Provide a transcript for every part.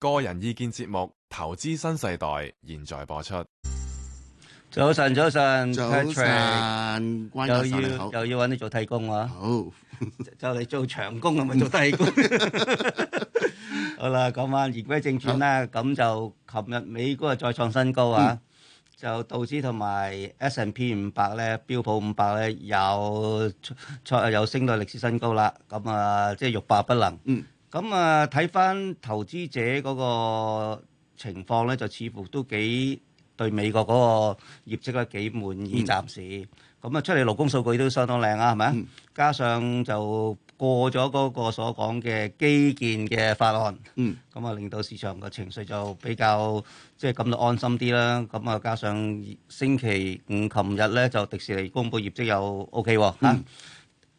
個人意見節目《投資新世代》現在播出。早晨，早晨，早晨，又要又要揾你做替工啊？好 就嚟做長工， 做剃工 啊，咪做替工。好啦，咁啊好，言歸正傳啦，咁就琴日美股啊再創新高啊，嗯、就道指同埋 S and P 五百咧，標普五百咧有有有升到歷史新高啦，咁啊，即係欲罷不能。嗯。咁啊，睇翻、嗯、投資者嗰個情況咧，就似乎都幾對美國嗰個業績咧幾滿意，暫時。咁啊、嗯，出嚟勞工數據都相當靚啊，係咪、嗯、加上就過咗嗰個所講嘅基建嘅法案，咁啊、嗯、令到市場嘅情緒就比較即係、就是、感到安心啲啦。咁啊，加上星期五琴日咧就迪士尼公布業績又 O K 喎嚇。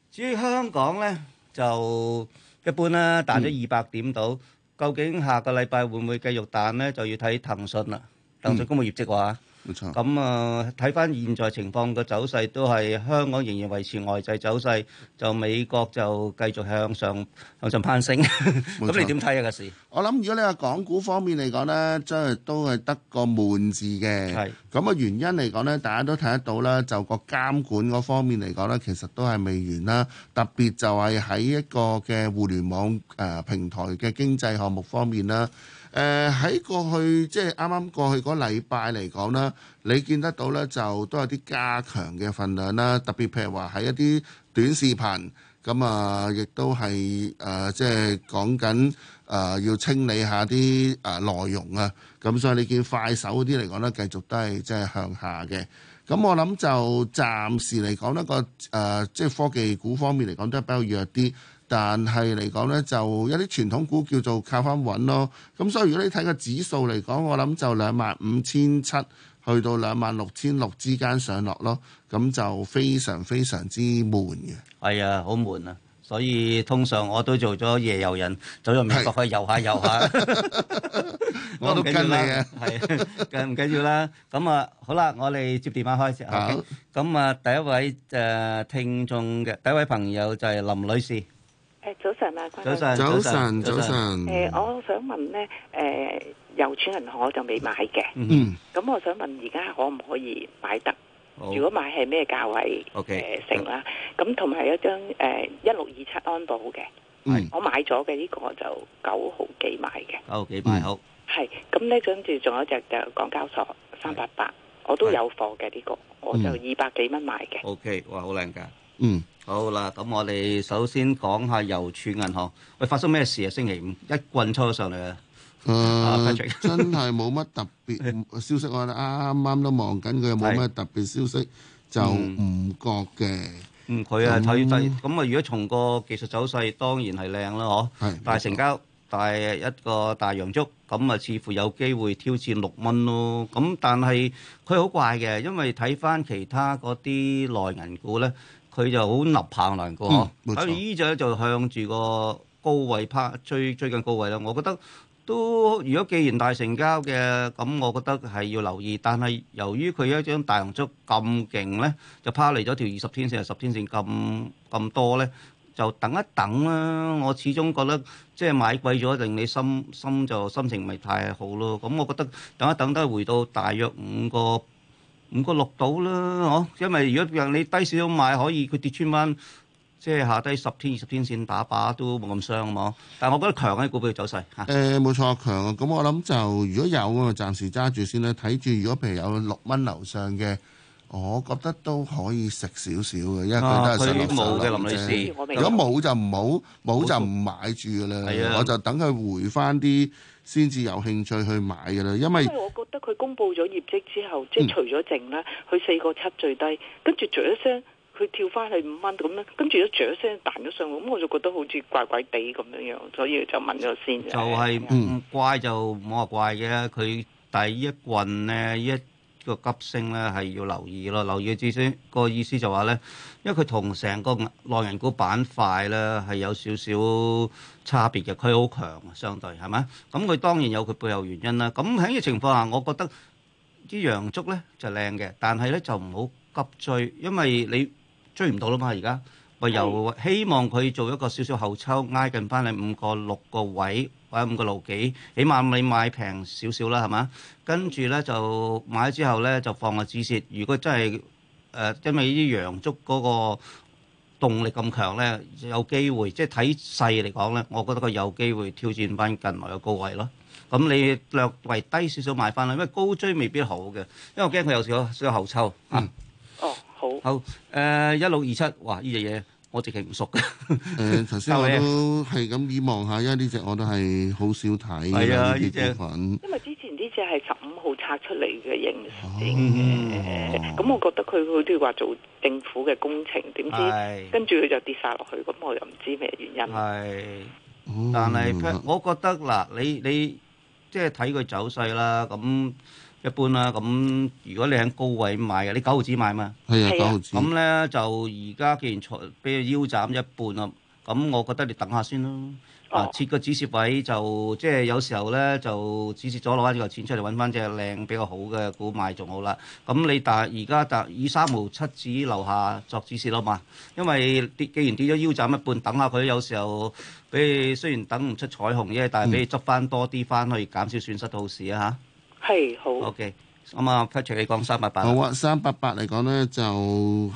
至於香港咧就～一般啦，彈咗二百點到，嗯、究竟下個禮拜會唔會繼續彈呢？就要睇騰訊啦，騰訊公佈業績話。嗯冇錯，咁啊睇翻現在情況嘅走勢都係香港仍然維持外滯走勢，就美國就繼續向上向上攀升。咁你點睇啊個市？我諗如果你話港股方面嚟講呢，真係都係得個悶字嘅。係。咁啊原因嚟講呢，大家都睇得到啦，就個監管嗰方面嚟講呢，其實都係未完啦。特別就係喺一個嘅互聯網誒平台嘅經濟項目方面啦。誒喺、呃、過去即係啱啱過去嗰禮拜嚟講啦，你見得到咧就都有啲加強嘅份量啦，特別譬如話喺一啲短視頻咁啊、呃，亦都係誒、呃、即係講緊誒要清理下啲誒、呃、內容啊，咁所以你見快手啲嚟講咧，繼續都係即係向下嘅。咁我諗就暫時嚟講呢個誒、呃、即係科技股方面嚟講都係比較弱啲。但係嚟講咧，就一啲傳統股叫做靠返穩咯。咁、嗯、所以如果你睇個指數嚟講，我諗就兩萬五千七去到兩萬六千六之間上落咯。咁、嗯、就非常非常之悶嘅。係啊，好悶啊！所以通常我都做咗夜遊人，走咗美國是去遊下遊下。 我都跟你嘅、啊，係唔緊要啦。咁 啊， 好啦，我哋接電話開始。好。咁啊，第一位誒、呃、聽眾嘅第一位朋友就係林女、呃、士、呃。誒，早晨啊，早晨早晨，早晨。誒，我想問咧，誒，郵儲銀行我就未買嘅，嗯，咁我想問而家可唔可以買得？如果買係咩價位？O K，成啦。咁同埋一張誒一六二七安保嘅，嗯，我買咗嘅呢個就九毫幾買嘅，九毫幾買好。係，咁呢跟住仲有隻就港交所三八八，我都有貨嘅呢個，我就二百幾蚊買嘅。O K，哇，好靚噶，嗯。好啦，咁我哋首先講下郵儲銀行。喂，發生咩事啊？星期五一棍抽咗上嚟啊！真係冇乜特別消息，我啱啱都望緊佢，又冇乜特別消息就唔覺嘅。嗯，佢啊睇低。咁啊，如果從個技術走勢，當然係靚啦，嗬。係。但係成交大一個大洋燭，咁啊，似乎有機會挑戰六蚊咯。咁但係佢好怪嘅，因為睇翻其他嗰啲內銀股咧。佢就好立棒難過，反呢依隻就向住個高位趴，追追近高位咧，我覺得都，如果既然大成交嘅，咁我覺得係要留意。但係由於佢一張大紅燭咁勁咧，就趴嚟咗條二十天線、十天線咁咁多咧，就等一等啦。我始終覺得即係買貴咗，令你心心就心情唔係太好咯。咁我覺得等一等都係回到大約五個。五個六到啦，嗬、哦！因為如果譬如你低少少買可以，佢跌穿蚊，即係下低十天二十天線打靶都冇咁傷啊，嗬！但係我覺得強啲股票走勢嚇。誒、啊，冇、欸、錯，強啊！咁我諗就如果有，啊，暫時揸住先啦，睇住。如果譬如有六蚊樓上嘅，我覺得都可以食少少嘅，因為佢都係想冇嘅。林女士。如果冇就唔好，冇、嗯、就唔買住嘅啦。我就等佢回翻啲先至有興趣去買嘅咧，因為即係我覺得佢公布咗業績之後，即係除咗剩咧，佢四個七最低，跟住著一聲佢跳翻去五蚊咁樣，跟住一著一聲彈咗上，咁我就覺得好似怪怪地咁樣樣，所以就問咗先。就係嗯唔怪就唔好話怪嘅。佢第一棍咧一個急升咧係要留意咯，留意嘅意思個意思就話咧，因為佢同成個內銀股板塊咧係有少少。差別嘅，佢好強，相對係嘛？咁佢當然有佢背後原因啦。咁喺呢個情況下，我覺得啲洋竹咧就靚、是、嘅，但係咧就唔好急追，因為你追唔到啦嘛。而家我又希望佢做一個少少後抽，挨近翻你五個六個位或者五個六幾，起碼你買平少少啦，係嘛？跟住咧就買咗之後咧就放個止蝕。如果真係誒、呃，因為啲洋竹嗰、那個。動力咁強咧，有機會，即係睇勢嚟講咧，我覺得佢有機會挑戰翻近來嘅高位咯。咁你略為低少少買翻啦，因為高追未必好嘅，因為我驚佢有少少後抽嚇。嗯、哦，好。好，誒一六二七，27，哇！呢隻嘢我直情唔熟嘅。誒、呃，頭先我都係咁以望下，因為呢隻我都係好少睇。係 啊，呢隻些。因為之前即係十五號拆出嚟嘅形式，咁、嗯嗯、我覺得佢都要話做政府嘅工程，點知跟住佢就跌晒落去，咁我又唔知咩原因。係、嗯，但係我覺得嗱，你你即係睇佢走勢啦，咁一般啦，咁如果你喺高位買嘅，你九毫紙買嘛？係啊，九毫紙。咁呢，就而家既然俾佢腰斬一半啦，咁我覺得你等下先咯。啊！設個止蝕位就即係有時候咧，就止蝕咗攞翻啲錢出嚟揾翻隻靚比較好嘅股買仲好啦。咁你但而家就以三毛七指樓下作止蝕咯嘛？因為跌，既然跌咗腰斬一半，等下佢有時候，俾你雖然等唔出彩虹，因但係俾你執翻多啲翻，去以減少損失，好事啊吓，係好。O K，咁啊，Patrick，你講三八八。好啊，三八八嚟講咧就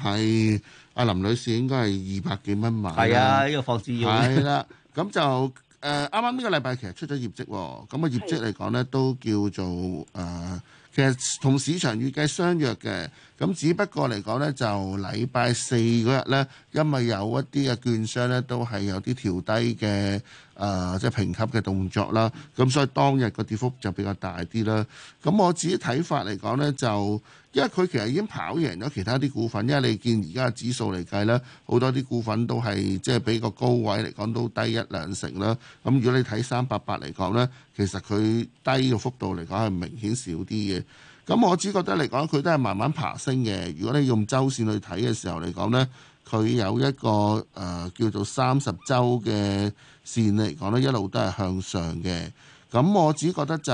係阿林女士應該係二百幾蚊買。係啊，呢、呢個房子要。係啦。咁就誒啱啱呢個禮拜其實出咗業績，哦，咁啊業績嚟講咧都叫做誒、呃，其實同市場預計相約嘅。咁只不過嚟講咧，就禮拜四嗰日咧，因為有一啲嘅券商咧都係有啲調低嘅誒，即、呃、係、就是、評級嘅動作啦。咁所以當日個跌幅就比較大啲啦。咁我自己睇法嚟講咧就。因為佢其實已經跑贏咗其他啲股份，因為你見而家指數嚟計咧，好多啲股份都係即係比個高位嚟講都低一兩成啦。咁如果你睇三百八嚟講咧，其實佢低嘅幅度嚟講係明顯少啲嘅。咁我只覺得嚟講，佢都係慢慢爬升嘅。如果你用周線去睇嘅時候嚟講咧，佢有一個誒、呃、叫做三十週嘅線嚟講咧，一路都係向上嘅。咁我只覺得就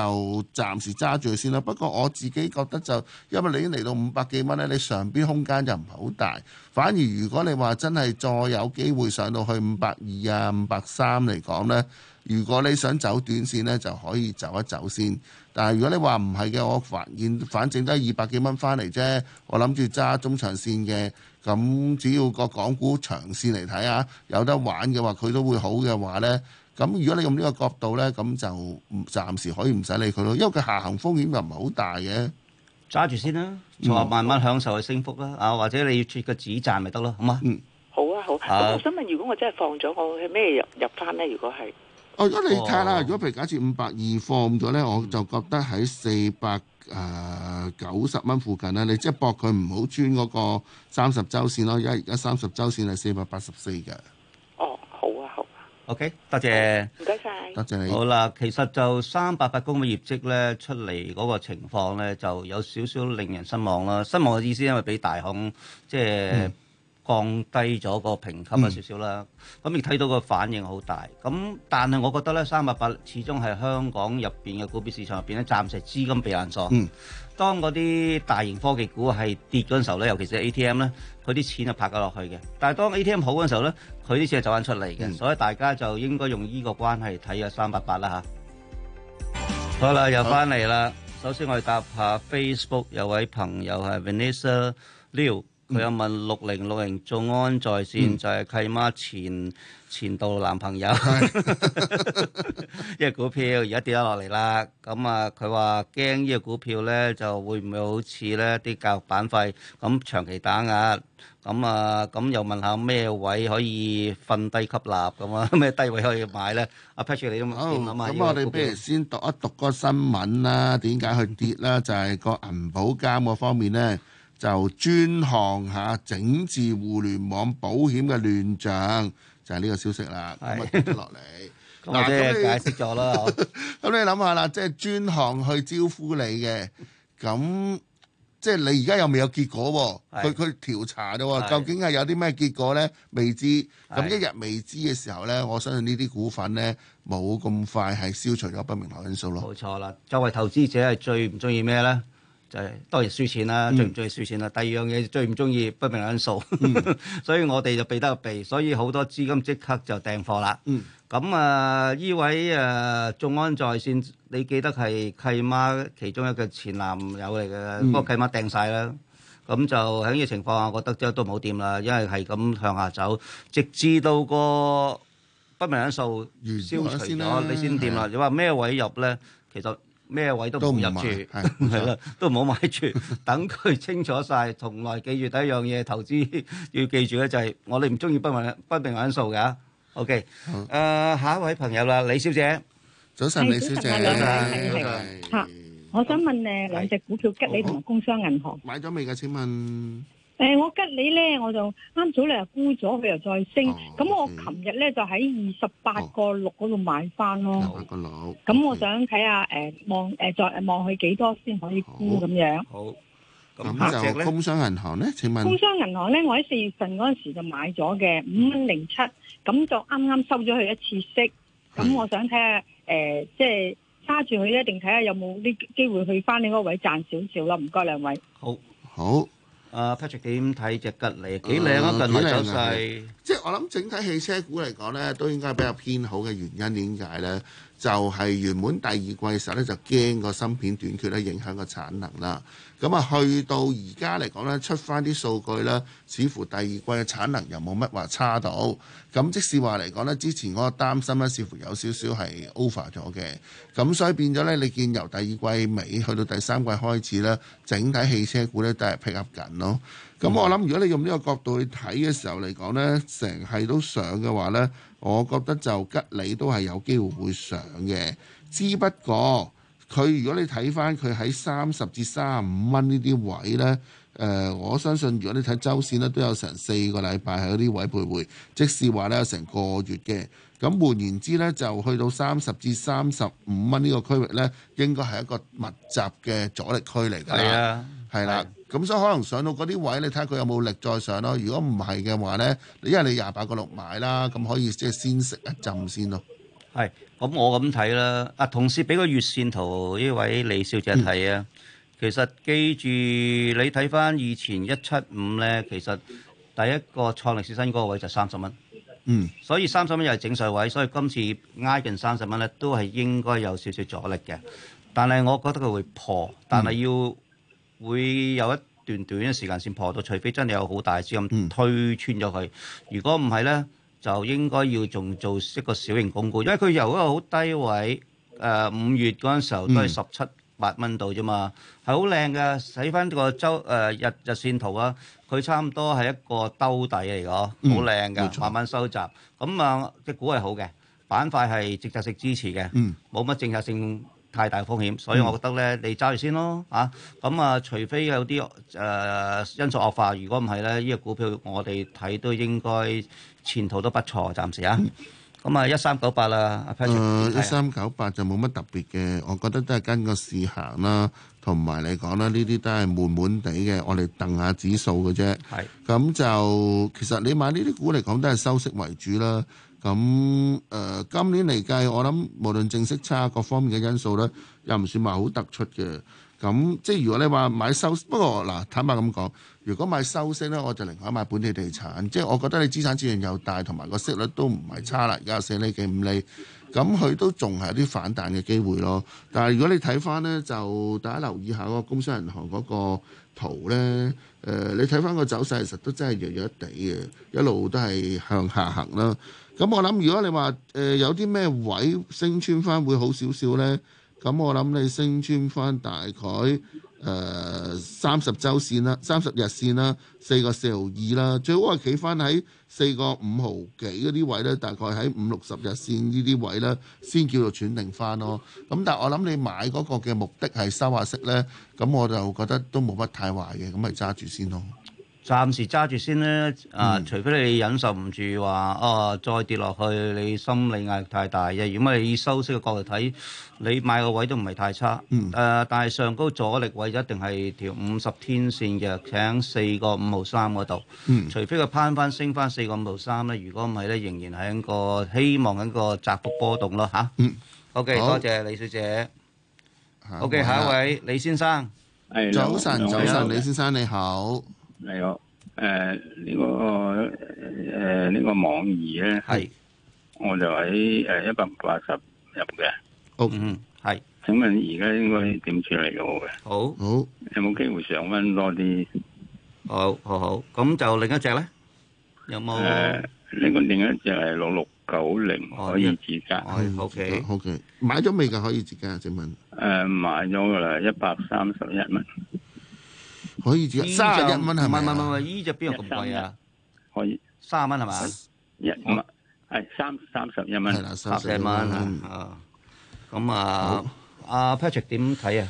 暫時揸住先啦。不過我自己覺得就，因為你已經嚟到五百幾蚊咧，你上邊空間就唔係好大。反而如果你話真係再有機會上到去五百二啊、五百三嚟講呢，如果你想走短線呢，就可以走一走先。但係如果你話唔係嘅，我發現反正都係二百幾蚊翻嚟啫。我諗住揸中長線嘅，咁只要個港股長線嚟睇下，有得玩嘅話，佢都會好嘅話呢。咁如果你用呢個角度咧，咁就暫時可以唔使理佢咯，因為佢下行風險又唔係好大嘅，揸住先啦、啊，就、嗯、慢慢享受佢升幅啦，啊或者你要設個止賺咪得咯，好嘛？嗯、啊，好啊好，啊我想問，如果我真係放咗，我係咩入入翻咧？如果係，哦如，如果你睇下啦，如果譬如假設五百二放咗咧，我就覺得喺四百誒九十蚊附近咧，你即係博佢唔好穿嗰個三十周線咯，因為而家三十周線係四百八十四嘅。OK，多謝，謝，唔該曬，多謝你。好啦，其實就三八八公嘅業績咧，出嚟嗰個情況咧，就有少少令人失望咯。失望嘅意思，因為俾大行即係降低咗個評級啊，少少啦。咁亦睇到個反應好大。咁但係我覺得咧，三八八始終係香港入邊嘅股票市場入邊咧，暫時資金避難所。嗯。當嗰啲大型科技股係跌嘅時候咧，尤其是 ATM 咧。佢啲錢就拍咗落去嘅，但係當 ATM 好嗰陣時候呢，佢啲錢就走翻出嚟嘅，嗯、所以大家就應該用依個關係睇下三八八啦嚇。嗯、好啦，又翻嚟啦。好首先我哋答下 Facebook 有位朋友係 Vanessa Liu。佢、嗯、又問六零六零眾安在線就係契媽前前度男朋友、嗯，呢 個股票而家跌咗落嚟啦。咁啊，佢話驚呢個股票咧就會唔會好似咧啲教育板塊咁長期打壓。咁啊咁又問下咩位可以瞓低吸納咁啊？咩低位可以買咧？阿 Patrick 嚟啊嘛。好，咁我哋不如先讀一讀個新聞啦。點解佢跌咧？就係個銀保監嗰方面咧。就專項下整治互聯網保險嘅亂象，就係、是、呢個消息啦。咁啊聽落嚟，咁你 解釋咗啦。咁那你諗下啦，即 係、就是、專項去招呼你嘅，咁即係你而家又未有結果喎。佢佢調查啫，是究竟係有啲咩結果咧？未知。咁是一日未知嘅時候咧，我相信呢啲股份咧冇咁快係消除咗不明朗因素咯。冇錯啦。作為投資者係最唔中意咩咧？就係、是、多人輸錢啦，最唔中意輸錢啦？嗯、第二樣嘢最唔中意不明因素， 所以我哋就避得避，所以好多資金即刻就訂貨啦。咁、嗯、啊，呢位啊眾安在線，你記得係契媽其中一個前男友嚟嘅，不過契媽訂晒啦。咁就喺呢個情況下，我覺得即都冇掂啦，因為係咁向下走，直至到個不明因素消除咗，先你先掂啦。你話咩位入咧？其實。咩位都唔入住，係啦，都唔好買住。等佢清楚曬。從來記住第一樣嘢，投資要記住咧，就係我哋唔中意不問不問奀數嘅。OK，誒下一位朋友啦，李小姐，早晨，李小姐，嚇，我想問你兩隻股票吉利同工商銀行買咗未㗎？請問。誒，我吉你咧，我就啱早你又沽咗，佢又再升，咁我琴日咧就喺二十八個六嗰度買翻咯，廿八個六。咁我想睇下，誒，望，誒，再望佢幾多先可以沽咁樣？好，咁就工商銀行咧，請問？工商銀行咧，我喺四月份嗰陣時就買咗嘅五蚊零七，咁就啱啱收咗佢一次息，咁我想睇下，誒，即係揸住佢一定睇下有冇啲機會去翻你嗰位賺少少咯？唔該兩位，好，好。阿 Patrick 點睇隻吉利？幾靚、呃、啊，吉利走勢！即係我諗整體汽車股嚟講咧，都應該係比較偏好嘅原因點解咧？就係原本第二季嘅時候咧，就驚個芯片短缺咧，影響個產能啦。咁啊，去到而家嚟講咧，出翻啲數據咧，似乎第二季嘅產能又冇乜話差到。咁即使話嚟講咧，之前嗰個擔心咧，似乎有少少係 over 咗嘅。咁所以變咗咧，你見由第二季尾去到第三季開始咧，整體汽車股咧都係 pick up 緊咯。咁、嗯、我諗，如果你用呢個角度去睇嘅時候嚟講呢，成係都上嘅話呢，我覺得就吉利都係有機會會上嘅。之不過佢如果你睇翻佢喺三十至三十五蚊呢啲位呢，誒、呃，我相信如果你睇周線呢，都有成四個禮拜喺呢啲位徘徊。即使話呢，有成個月嘅，咁換言之呢，就去到三十至三十五蚊呢個區域呢，應該係一個密集嘅阻力區嚟㗎，係、啊、啦。咁所以可能上到嗰啲位，你睇下佢有冇力再上咯、啊。如果唔係嘅話，呢你因為你廿八個六買啦，咁可以即係先食一浸先咯、啊。係，咁我咁睇啦。啊，同事俾個月線圖呢位李小姐睇啊。嗯、其實記住你睇翻以前一七五咧，其實第一個創歷史新高位就三十蚊。嗯。所以三十蚊又係整數位，所以今次挨近三十蚊咧，都係應該有少少阻力嘅。但係我覺得佢會破，但係要、嗯。會有一段短嘅時間先破到，除非真係有好大資金推穿咗佢。如果唔係咧，就應該要仲做一個小型鞏固，因為佢由一個好低位，誒五月嗰陣時候都係十七八蚊度啫嘛，係好靚嘅。睇翻個周誒日日線圖啊，佢差唔多係一個兜底嚟嘅，好靚嘅，慢慢收集。咁啊，隻股係好嘅，板塊係直頭食支持嘅，冇乜政策性，太大風險，所以我覺得咧，你揸住先咯，嚇、啊。咁啊，除非有啲誒、呃、因素惡化，如果唔係咧，呢個股票我哋睇都應該前途都不錯，暫時啊。咁啊，一三九八啦，一三九八就冇乜特別嘅，我覺得都係跟個市行啦，同埋嚟講啦，呢啲都係悶悶地嘅，我哋掟下指數嘅啫。係。咁就其實你買呢啲股嚟講，都係收息為主啦。咁誒、呃，今年嚟計，我諗無論正息差各方面嘅因素咧，又唔算話好突出嘅。咁即係如果你話買收，不過嗱、呃、坦白咁講，如果買收息咧，我就寧可買本地地產。即係我覺得你資產資源又大，同埋個息率都唔係差啦，而家四厘幾、五厘，咁佢都仲係有啲反彈嘅機會咯。但係如果你睇翻咧，就大家留意下個工商銀行嗰個圖咧，誒、呃，你睇翻個走勢，其實都真係弱弱地嘅，一路都係向下行啦。咁我諗，如果你話誒、呃、有啲咩位升穿翻會好少少呢？咁我諗你升穿翻大概誒三十周線啦、三十日線啦、四個四毫二啦，最好係企翻喺四個五毫幾嗰啲位呢，大概喺五六十日線呢啲位呢，先叫做轉定翻咯。咁但係我諗你買嗰個嘅目的係收下息呢，咁我就覺得都冇乜太壞嘅，咁咪揸住先咯。暫時揸住先咧，啊，除非你忍受唔住話，啊，再跌落去，你心理壓力太大嘅。如果你以收息嘅角度睇，你買個位都唔係太差，誒，但係上高阻力位一定係條五十天線嘅，喺四個五號三嗰度。除非佢攀翻升翻四個五號三咧，如果唔係咧，仍然係一個希望一個窄幅波動咯吓，OK，多謝李小姐。OK，下一位李先生。早晨，早晨，李先生你好。你好，誒，呢個誒呢個網易咧，係，我就喺誒一百八十入嘅，哦，嗯，係，請問而家應該點處理好嘅？好，好，有冇機會上返多啲？好，好好，咁就另一隻咧，有冇？誒，另個另一隻係六六九零，可以自加，O K，O K，買咗未？噶可以自加，請問？誒，買咗噶啦，一百三十一蚊。可以，三十一蚊係嘛？唔係唔係，依隻邊度咁貴啊？可以，三十蚊係嘛？一，係三三十一蚊，係啦、嗯，三十一蚊啊，啊，咁啊，阿 Patrick 點睇啊？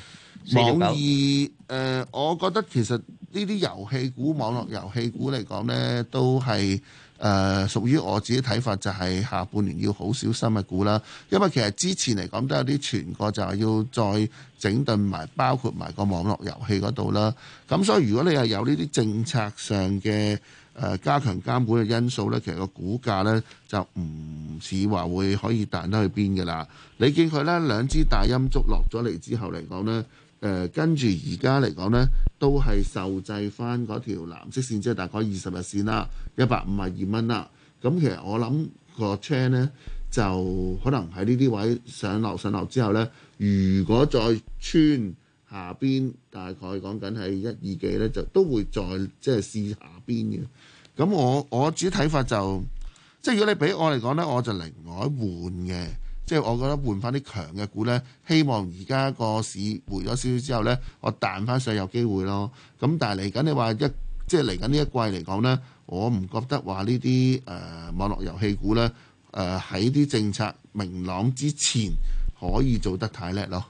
網易，誒、呃，我覺得其實呢啲遊戲股、網絡遊戲股嚟講咧，都係。誒、呃、屬於我自己睇法就係下半年要好小心嘅股啦，因為其實之前嚟講都有啲傳過，就係要再整頓埋，包括埋個網絡遊戲嗰度啦。咁所以如果你係有呢啲政策上嘅誒、呃、加強監管嘅因素呢，其實個股價呢就唔似話會可以彈得去邊嘅啦。你見佢呢兩支大陰燭落咗嚟之後嚟講呢。誒跟住而家嚟講呢都係受制翻嗰條藍色線，即係大概二十日線啦，一百五十二蚊啦。咁、嗯、其實我諗個車呢，就可能喺呢啲位上落上落之後呢，如果再穿下邊，大概講緊係一二幾呢，就都會再即係試下邊嘅。咁、嗯、我我自己睇法就，即係如果你俾我嚟講呢，我就另外換嘅。即係我覺得換翻啲強嘅股呢，希望而家個市回咗少少之後呢，我彈翻上有機會咯。咁但係嚟緊你話一，即係嚟緊呢一季嚟講呢，我唔覺得話呢啲誒網絡遊戲股呢，誒喺啲政策明朗之前可以做得太叻咯。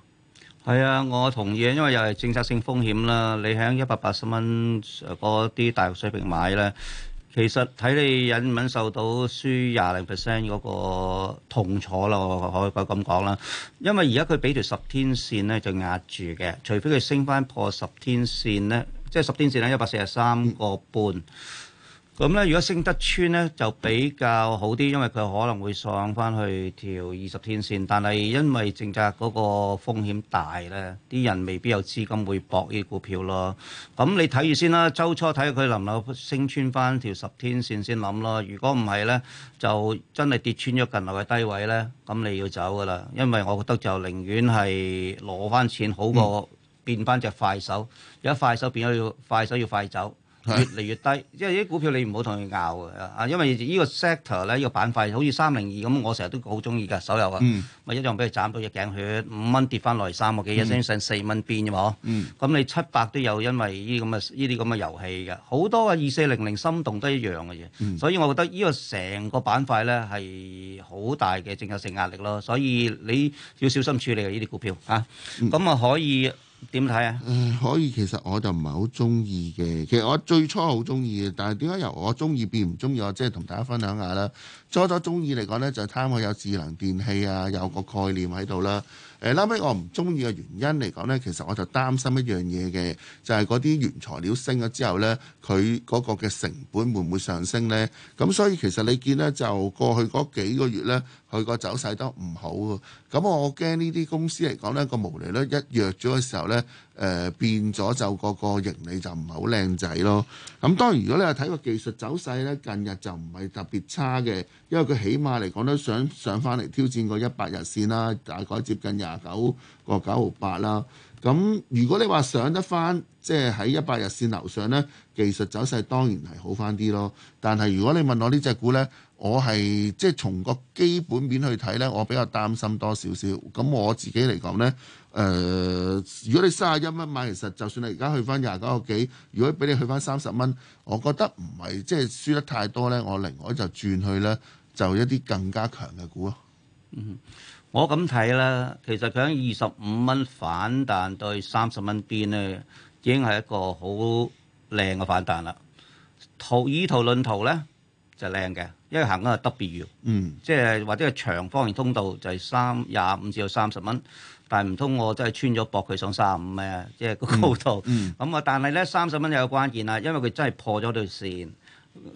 係啊，我同意啊，因為又係政策性風險啦。你喺一百八十蚊嗰啲大陸水平買呢。其實睇你忍唔忍受到輸廿零 percent 嗰個痛楚啦，我可以咁講啦。因為而家佢俾條十天線咧就壓住嘅，除非佢升翻破十天線咧，即係十天線咧一百四十三個半。咁咧，如果升得穿咧，就比較好啲，因為佢可能會上翻去條二十天線。但係因為政策嗰個風險大咧，啲人未必有資金會博呢啲股票咯。咁你睇住先啦，週初睇下佢能否升穿翻條十天線先諗咯。如果唔係咧，就真係跌穿咗近來嘅低位咧，咁你要走噶啦。因為我覺得就寧願係攞翻錢，好過變翻隻快手。而家、嗯、快手變咗要快手要快走。越嚟越低，因為啲股票你唔好同佢拗嘅，啊，因為呢個 sector 咧，呢個板塊好似三零二咁，我成日都好中意嘅，手遊啊，咪一樣俾佢斬到一頸血，五蚊跌翻落嚟三個幾，一升剩四蚊邊啫嘛，咁、嗯、你七百都有，因為呢啲咁嘅呢啲咁嘅遊戲嘅，好多啊，二四零零心動都一樣嘅嘢，嗯、所以我覺得呢個成個板塊咧係好大嘅，正有性壓力咯，所以你要小心處理呢啲股票啊，咁啊、嗯、可以。點睇啊？誒，可以，其實我就唔係好中意嘅。其實我最初好中意嘅，但係點解由我中意變唔中意？我即係同大家分享下啦。初初中意嚟講呢，就貪我有智能電器啊，有個概念喺度啦。誒，後屘我唔中意嘅原因嚟講呢，其實我就擔心一樣嘢嘅，就係嗰啲原材料升咗之後呢，佢嗰個嘅成本會唔會上升呢？咁所以其實你見呢，就過去嗰幾個月呢。佢個走勢都唔好嘅，咁我驚呢啲公司嚟講呢個毛利率一弱咗嘅時候呢，誒、呃、變咗就個個盈利就唔係好靚仔咯。咁當然如果你話睇個技術走勢呢，近日就唔係特別差嘅，因為佢起碼嚟講都想上翻嚟挑戰個一百日線啦，大概接近廿九個九毫八啦。咁如果你話上得翻，即係喺一百日線樓上呢，技術走勢當然係好翻啲咯。但係如果你問我呢隻股呢。我係即係從個基本面去睇呢，我比較擔心多少少。咁我自己嚟講呢，誒、呃，如果你三十一蚊買，其實就算你而家去翻廿九個幾，如果俾你去翻三十蚊，我覺得唔係即係輸得太多呢，我另外就轉去呢，就一啲更加強嘅股咯。我咁睇啦，其實佢喺二十五蚊反彈到三十蚊邊呢，已經係一個好靚嘅反彈啦。圖以圖論圖呢，就靚嘅。因為行緊係 W，即係、嗯、或者係長方形通道就係三廿五至到三十蚊，但係唔通我真係穿咗博佢上三十五咩？即係個高度。咁啊、嗯嗯，但係咧三十蚊有關鍵啦，因為佢真係破咗條線，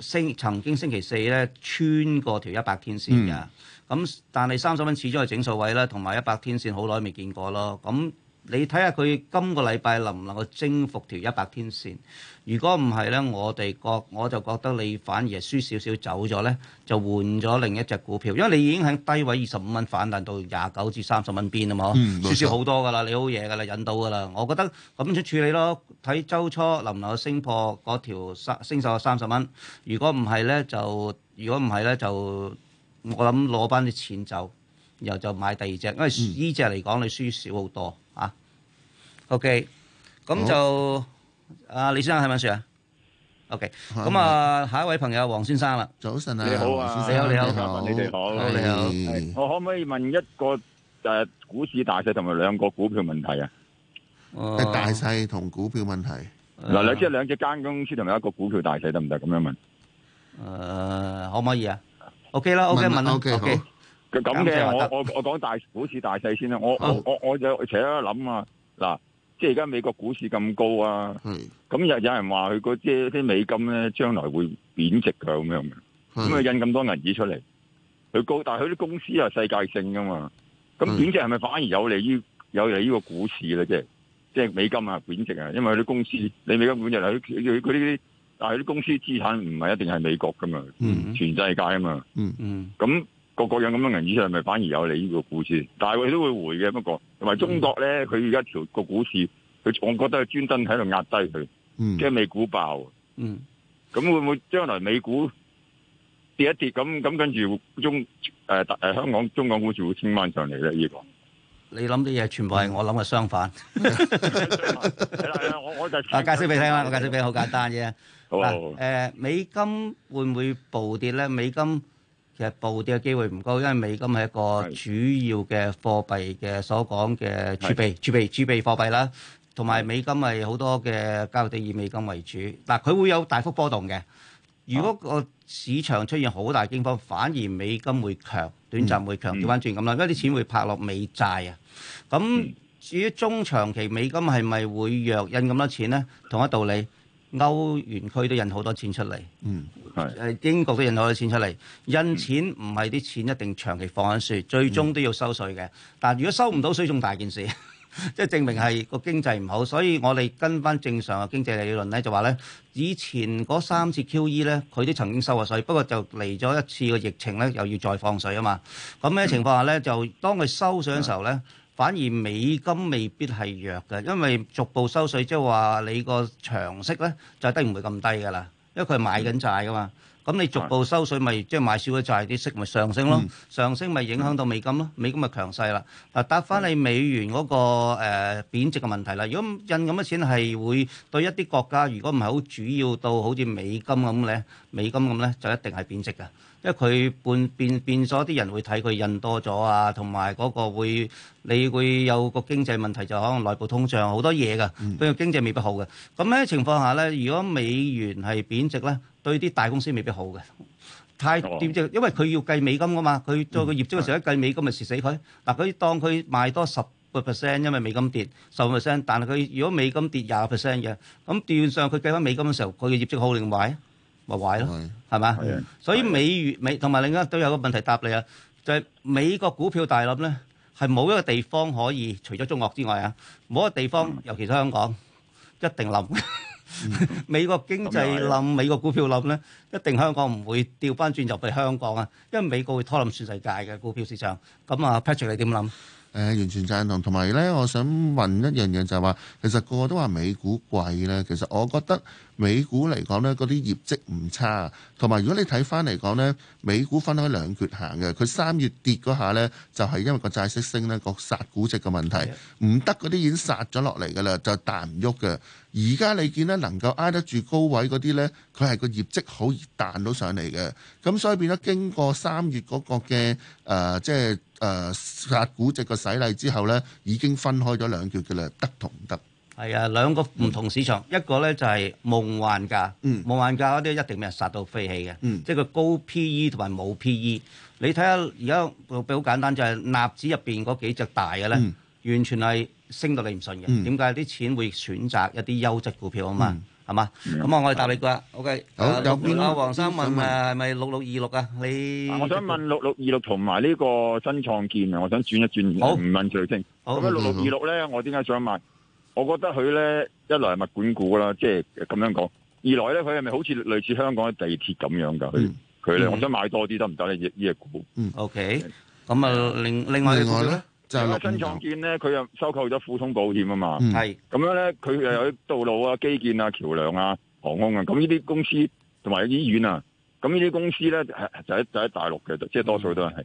星曾經星期四咧穿過條一百天線㗎。咁、嗯、但係三十蚊始終係整數位啦，同埋一百天線好耐未見過咯。咁。你睇下佢今個禮拜能唔能夠征服條一百天線？如果唔係咧，我哋覺我就覺得你反而係輸少少走咗咧，就換咗另一隻股票，因為你已經喺低位二十五蚊反彈到廿九至三十蚊邊啊嘛，嗬、嗯，輸少好多噶啦，你好嘢噶啦，引到噶啦。我覺得咁就處理咯，睇週初能唔能夠升破嗰條三升上三十蚊？如果唔係咧，就如果唔係咧，就我諗攞翻啲錢走，然後就買第二隻，因為依隻嚟講你輸少好多。OK，咁就阿李先生係咪先啊？OK，咁啊下一位朋友黃先生啦。早晨啊，你好啊，你好，你好，你哋好，你好。我可唔可以問一個誒股市大細、同埋兩個股票問題啊？大細同股票問題，嗱，兩即係兩隻間公司同埋一個股票大細得唔得？咁樣問？誒，可唔可以啊？OK 啦，OK 問啦，OK 好。咁嘅我我我講大股市大細先啦，我我我我就除咗諗啊嗱。即係而家美國股市咁高啊，咁又有人話佢嗰啲啲美金咧將來會貶值噶咁樣，咁啊印咁多銀紙出嚟，佢、嗯、高，但係佢啲公司係世界性噶嘛，咁貶值係咪反而有利於有利於個股市咧？即係即係美金啊貶值啊，因為佢啲公司你美金本就係佢佢啲，但係啲公司資產唔係一定係美國噶嘛，全世界啊嘛，咁。個個有咁樣銀紙上嚟，咪反而有你呢個股市。但係佢都會回嘅，不過同埋中國咧，佢而家條個股市，佢我覺得係專登喺度壓低佢，驚、嗯、美股爆。嗯，咁會唔會將來美股跌一跌，咁咁跟住中誒誒、呃、香港中港股市會升翻上嚟咧？呢、這個你諗啲嘢，全部係我諗嘅相反。係啦，我我就啊，解釋俾你聽啊，解釋俾好簡單啫。 好啊。誒、呃，美金會唔會暴跌咧？美金。其實暴跌嘅機會唔高，因為美金係一個主要嘅貨幣嘅所講嘅儲備、的儲備、儲備貨幣啦，同埋美金係好多嘅交易地以美金為主。嗱，佢會有大幅波動嘅。如果個市場出現好大驚慌，反而美金會強，短暫會強。調返轉咁啦，因為啲錢會拍落美債啊。咁至於中長期美金係咪會弱？印咁多錢咧，同一道理。歐元區都印好多錢出嚟，嗯，係，英國都印好多錢出嚟。印錢唔係啲錢一定長期放喺書，嗯、最終都要收水嘅。但如果收唔到水，仲大件事，即 係證明係個經濟唔好。所以我哋跟翻正常嘅經濟理論咧，就話咧，以前嗰三次 QE 咧，佢都曾經收過水，不過就嚟咗一次嘅疫情咧，又要再放水啊嘛。咁咩情況下咧，就當佢收水嘅時候咧。嗯反而美金未必係弱嘅，因為逐步收水，即係話你個長息咧就低唔會咁低㗎啦，因為佢係買緊債㗎嘛。咁、嗯、你逐步收水，咪即係買少咗債，啲息咪上升咯，嗯、上升咪影響到美金咯，嗯、美金咪強勢啦。啊，答翻你美元嗰、那個誒貶、呃、值嘅問題啦。如果印咁嘅錢係會對一啲國家，如果唔係好主要到好似美金咁咧，美金咁咧就一定係貶值㗎。因為佢變變變咗，啲人會睇佢印多咗啊，同埋嗰個會，你會有個經濟問題，就可能內部通脹好多嘢㗎，佢經濟未必好嘅。咁咧情況下咧，如果美元係貶值咧，對啲大公司未必好嘅。太貶值，因為佢要計美金㗎嘛，佢做個業績嘅時候，計美金咪蝕死佢。嗱佢當佢賣多十個 percent，因為美金跌十個 percent，但係佢如果美金跌廿 percent 嘅，咁表面上佢計翻美金嘅時候，佢嘅業績好定壞啊？咪壞咯，係嘛？所以美元美同埋另一都有個問題答你啊，就係美國股票大冧咧，係冇一個地方可以除咗中國之外啊，冇一個地方，尤其是香港一定冧。美國經濟冧，美國股票冧咧，一定香港唔會掉翻轉入去香港啊，因為美國會拖冧全世界嘅股票市場。咁啊，Patrick 你點諗？誒，完全贊同。同埋咧，我想問一樣嘢就係話，其實個個都話美股貴咧，其實我覺得。美股嚟講呢，嗰啲業績唔差，同埋如果你睇翻嚟講呢，美股分開兩橛行嘅。佢三月跌嗰下呢，就係因為個債息升呢個殺估值嘅問題，唔得嗰啲已經殺咗落嚟㗎啦，就彈唔喐嘅。而家你見呢，能夠挨得住高位嗰啲呢，佢係個業績好易彈到上嚟嘅。咁所以變咗經過三月嗰個嘅誒，即係誒殺估值嘅洗禮之後呢，已經分開咗兩橛嘅啦，得同唔得。係啊，兩個唔同市場，一個咧就係夢幻價，夢幻價嗰啲一定俾人殺到飛起嘅，即係個高 PE 同埋冇 PE。你睇下而家，我俾好簡單，就係納指入邊嗰幾隻大嘅咧，完全係升到你唔信嘅。點解啲錢會選擇一啲優質股票啊？嘛係嘛？咁啊，我哋答你㗎。OK，有有邊啊？黃生問啊，係咪六六二六啊？你我想問六六二六同埋呢個新創建啊，我想轉一轉唔問佢先。好，六六二六咧，我點解想買？我覺得佢咧一來係物管股啦，即係咁樣講；二來咧佢係咪好似類似香港嘅地鐵咁樣噶？佢佢咧，呢嗯、我想買多啲得唔得咧？呢呢隻股？嗯，嗯，OK 嗯。咁啊，另另外另外咧，就係新創建咧，佢又收購咗富通保險啊嘛。係咁、嗯嗯、樣咧，佢又有啲道路啊、基建啊、橋梁啊、航空啊，咁呢啲公司同埋啲醫院啊，咁呢啲公司咧就喺、是、就喺、是、大陸嘅，即、就、係、是、多數都係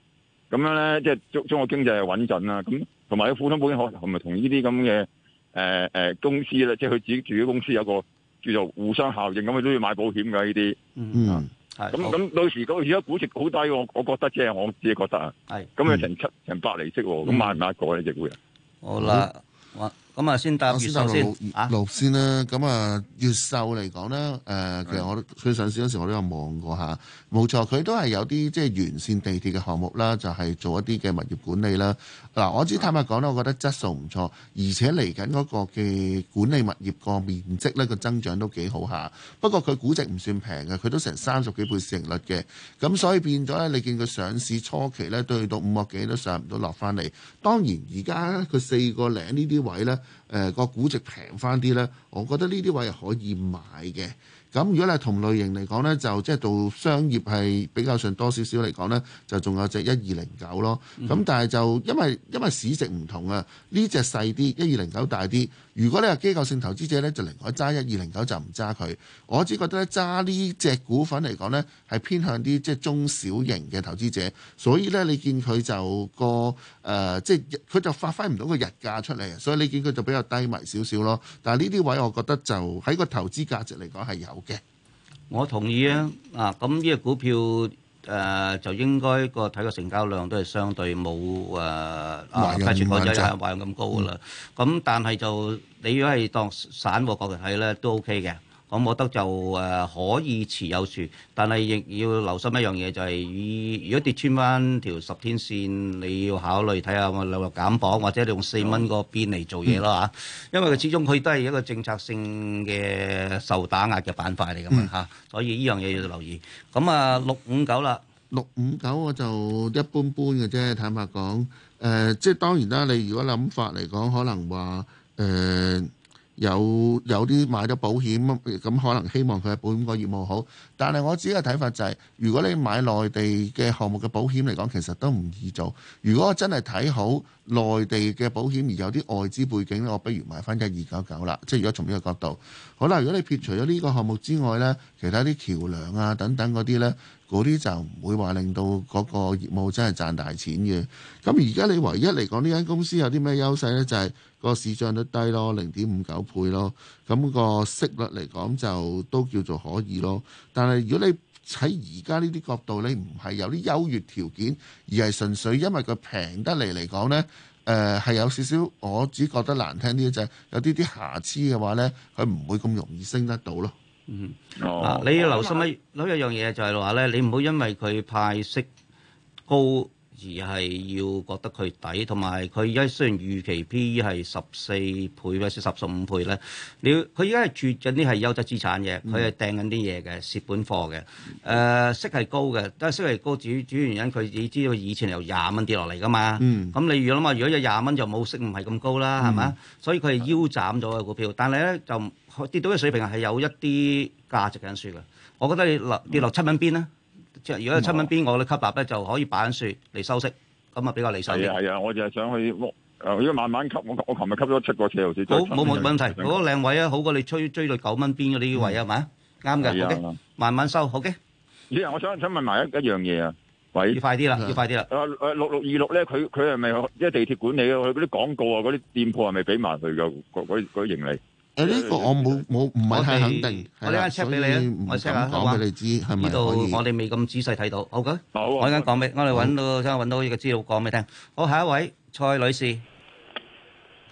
咁樣咧。即係中中國經濟係穩陣啊。咁同埋啲富通保險可係咪同呢啲咁嘅？誒誒、呃，公司咧，即係佢自己住嘅公司有一個叫做互相效應咁，都要買保險噶呢啲。嗯，係。咁咁到時咁而家估值好低，我我覺得啫，我自己覺得啊。係是。咁啊，是嗯、成七成八利息，咁買唔買個呢隻股啊？好啦、嗯。嗯嗯咁啊，先答越秀先啊，六先啦。咁啊，越秀嚟講咧，誒，其實我佢上市嗰時我，我都有望過下。冇錯，佢都係有啲即係沿線地鐵嘅項目啦，就係、是、做一啲嘅物業管理啦。嗱、啊，我只坦白講咧，我覺得質素唔錯，而且嚟緊嗰個嘅管理物業個面積咧，個增長都幾好下。不過佢估值唔算平嘅，佢都成三十幾倍市盈率嘅。咁所以變咗咧，你見佢上市初期咧，都去到五百幾都上唔到落翻嚟。當然而家佢四個領呢啲位咧。誒個、呃、估值平翻啲呢，我覺得呢啲位可以買嘅。咁如果你係同類型嚟講呢，就即係做商業係比較上多少少嚟講呢，就仲有一隻一二零九咯。咁、嗯、但係就因為因為市值唔同啊，呢隻細啲，一二零九大啲。如果你係機構性投資者咧，就寧可揸一二零九就唔揸佢。我只覺得咧，揸呢隻股份嚟講咧，係偏向啲即係中小型嘅投資者，所以咧，你見佢就個誒、呃、即係佢就發揮唔到個日價出嚟，所以你見佢就比較低迷少少咯。但係呢啲位，我覺得就喺個投資價值嚟講係有嘅。我同意啊。啊，咁呢個股票。誒、呃、就應該個睇個成交量都係相對冇誒、呃、啊，介全港仔係買入咁高㗎啦。咁、嗯、但係就你如果係當散戶角度睇咧，都 OK 嘅。我覺得就誒可以持有住，但係亦要留心一樣嘢，就係，就係如果跌穿翻條十天線，你要考慮睇下我略略減磅，或者你用四蚊個邊嚟做嘢咯嚇，嗯、因為佢始終佢都係一個政策性嘅受打壓嘅板塊嚟嘅嘛嚇，嗯、所以呢樣嘢要留意。咁啊六五九啦，六五九我就一般般嘅啫，坦白講誒、呃，即係當然啦。你如果諗法嚟講，可能話誒、呃有有啲買咗保險咁可能希望佢嘅保險個業務好，但係我自己嘅睇法就係，如果你買內地嘅項目嘅保險嚟講，其實都唔易做。如果我真係睇好內地嘅保險而有啲外資背景咧，我不如買翻一二九九啦。即係如果從呢個角度，好啦，如果你撇除咗呢個項目之外呢，其他啲橋梁啊等等嗰啲呢，嗰啲就唔會話令到嗰個業務真係賺大錢嘅。咁而家你唯一嚟講呢間公司有啲咩優勢呢？就係。個市賬率低咯，零點五九倍咯，咁個息率嚟講就都叫做可以咯。但係如果你喺而家呢啲角度你唔係有啲優越條件，而係純粹因為佢平得嚟嚟講呢，誒係有少少，我只覺得難聽啲就係有啲啲瑕疵嘅話呢，佢唔會咁容易升得到咯。嗯，哦，你要留心咪諗一樣嘢，就係話呢，你唔好因為佢派息高。而係要覺得佢抵，同埋佢而家雖然預期 P/E 係十四倍或者十四十五倍咧，你佢而家係撮緊啲係優質資產嘅，佢係掟緊啲嘢嘅，蝕本貨嘅。誒、呃，息係高嘅，但係息係高主主要原因佢已知道以前由廿蚊跌落嚟㗎嘛。咁、嗯、你如果諗啊，如果有廿蚊就冇息唔係咁高啦，係嘛、嗯？所以佢係腰斬咗嘅股票，但係咧就跌到嘅水平係有一啲價值緊算嘅。我覺得你跌落七蚊邊咧？嗯即係如果七蚊邊我咧吸納咧就可以擺喺樹嚟收息，咁啊比較理想啲。係係啊，我就係想去攞誒，如果慢慢吸，我我琴日吸咗七個斜流線。好，冇冇問題，好多靚位啊！好過你追追到九蚊邊嗰啲位係咪啊？啱嘅，OK，慢慢收，OK。啲人我想想問埋一一樣嘢啊，喂，要快啲啦，要快啲啦。誒誒六六二六咧，佢佢係咪即係地鐵管理嘅佢嗰啲廣告啊，嗰啲店鋪係咪俾埋佢嘅嗰嗰啲盈利？誒，呢個我冇冇唔係太肯定，我呢間 check 俾你啊，我 check 下。我依家講俾你知，係咪可以？呢度我哋未咁仔細睇到，OK。冇。我依家講俾，我哋揾到，想揾到呢個資料講俾你聽。好，下一位蔡女士。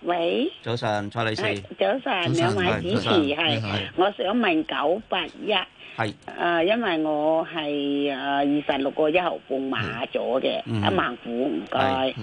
喂。早晨，蔡女士。早晨，兩位主持，係，我想問九八一。係。誒，因為我係誒二十六個一毫半買咗嘅，一萬股唔該。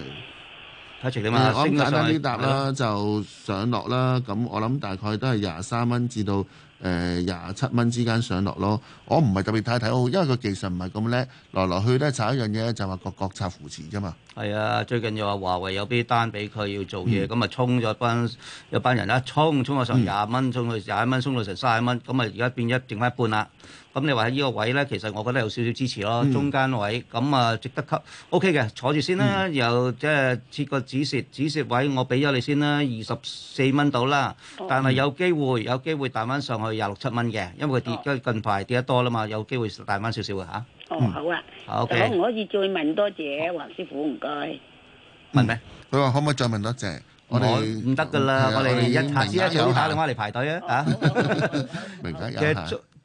我簡單啲答啦，嗯、就上落啦。咁我諗大概都係廿三蚊至到誒廿七蚊之間上落咯。我唔係特別太睇好，因為佢技術唔係咁叻，來來去去咧查一樣嘢咧就話各國策扶持啫嘛。係啊，最近又話華為有啲單俾佢要做嘢，咁咪衝咗班有班人一衝，衝咗、嗯、成廿蚊，衝去廿一蚊，衝到成三十蚊，咁咪而家變一淨翻一半啦。咁你話喺呢個位咧，其實我覺得有少少支持咯，中間位咁啊，值得吸。O K 嘅，坐住先啦，又即係設個止蝕，止蝕位我俾咗你先啦，二十四蚊到啦。但係有機會，有機會彈翻上去廿六七蚊嘅，因為佢跌，近排跌得多啦嘛，有機會彈翻少少嘅嚇。哦，好啊。O K。可唔可以再問多謝黃師傅？唔該。問咩？佢話可唔可以再問多謝？我哋唔得噶啦，我哋一下先啊，打電話嚟排隊啊，嚇。明白。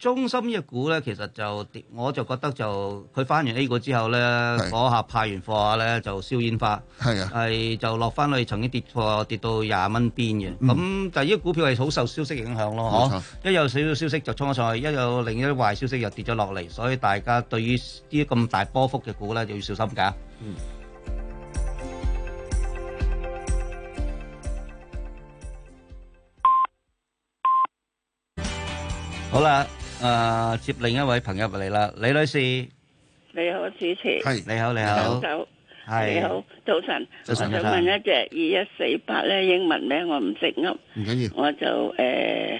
中心呢隻股咧，其實就跌，我就覺得就佢翻完 A 股之後咧，嗰下派完貨咧就燒煙花，係就落翻去，曾經跌破跌到廿蚊邊嘅。咁但係呢啲股票係好受消息影響咯，一有少少消息就衝咗上去，一有另一啲壞消息又跌咗落嚟，所以大家對於啲咁大波幅嘅股咧，就要小心㗎。好啦。誒，uh, 接另一位朋友入嚟啦，李女士，你好，主持。係你好，你好，早九，係早晨，早晨，早晨。我想問一隻二一四八咧，英文名我唔識噏，唔緊要。我，我就誒